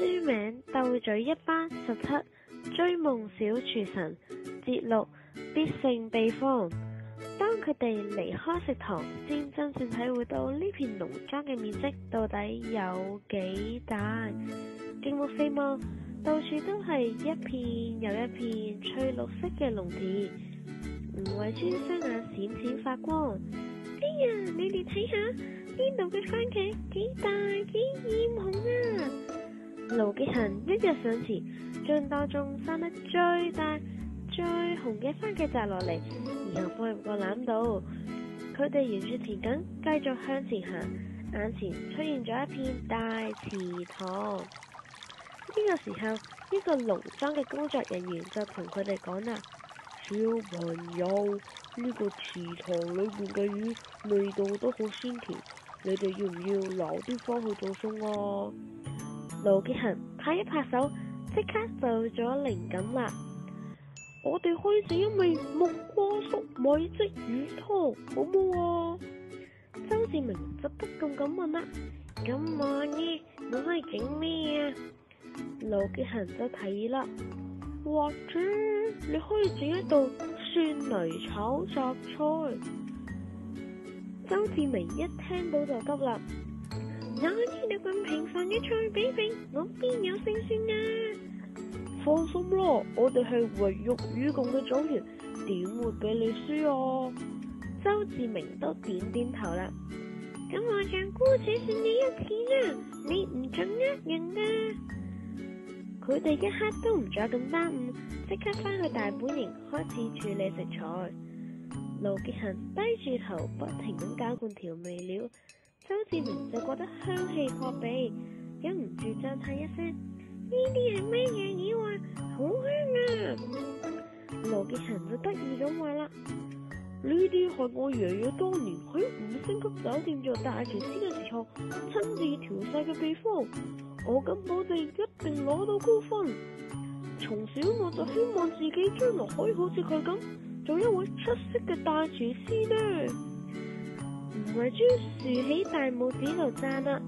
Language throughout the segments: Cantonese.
書名《鬥嘴一班十七追夢小廚神》節錄，必勝秘方。當佢哋離開食堂，先真正體會到呢片農莊嘅面積到底有幾大。極目四望，到處都係一片又一片翠綠色嘅農田。吳慧珠雙眼閃閃發光。哎呀，你哋睇下邊度嘅番茄幾大幾艷紅啊！杜吉恒一日上前，將當中生得最大、最紅嘅番茄摘落嚟，然後放入個籃度。佢哋沿住田埂繼續向前行，眼前出現咗一片大池塘。呢個時候，一個農莊嘅工作人員就同佢哋講啦：小朋友，呢個池塘裏面嘅魚味道都好鮮甜，你哋要唔要留啲返去做餸啊？盧杰恒拍一拍手，即刻就有咗靈感啦！我哋可以整一味木瓜粟米鯽魚湯，好冇？啊？周志明就不禁咁問啦：啊「咁我呢？我可以整咩啊？盧杰恒就提議啦，或者你可以整一道蒜泥炒雜菜。周志明一聽到就急啦。我知你咁平凡嘅菜比拼，我邊有勝算啊！放心啦，我哋係榮辱與共咁嘅組員，點會俾你輸哦？周志明都點點頭啦。咁我唱姑且算你一次啦，你唔准呃人啊！佢哋一刻都唔再咁耽誤，即刻翻去大本營開始處理食材。盧傑恆低住頭，不停咁攪拌調味料。周志明就覺得香氣撲鼻，忍唔住讚嘆一聲：呢啲係咩嘢妖啊？好香啊！羅杰仁就得意咁話啦：呢啲係我爺爺當年喺五星級酒店做大廚師嘅時候親自調晒嘅秘方。我咁我哋一定攞到高分。從小我就希望自己將來可以好似佢咁，做一位出色嘅大廚師呢。」小紅豬豎起大拇指度讚啦！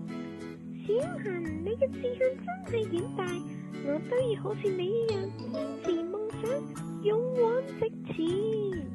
小紅，你嘅志向真係遠大，我都要好似你一樣堅持夢想，勇往直前。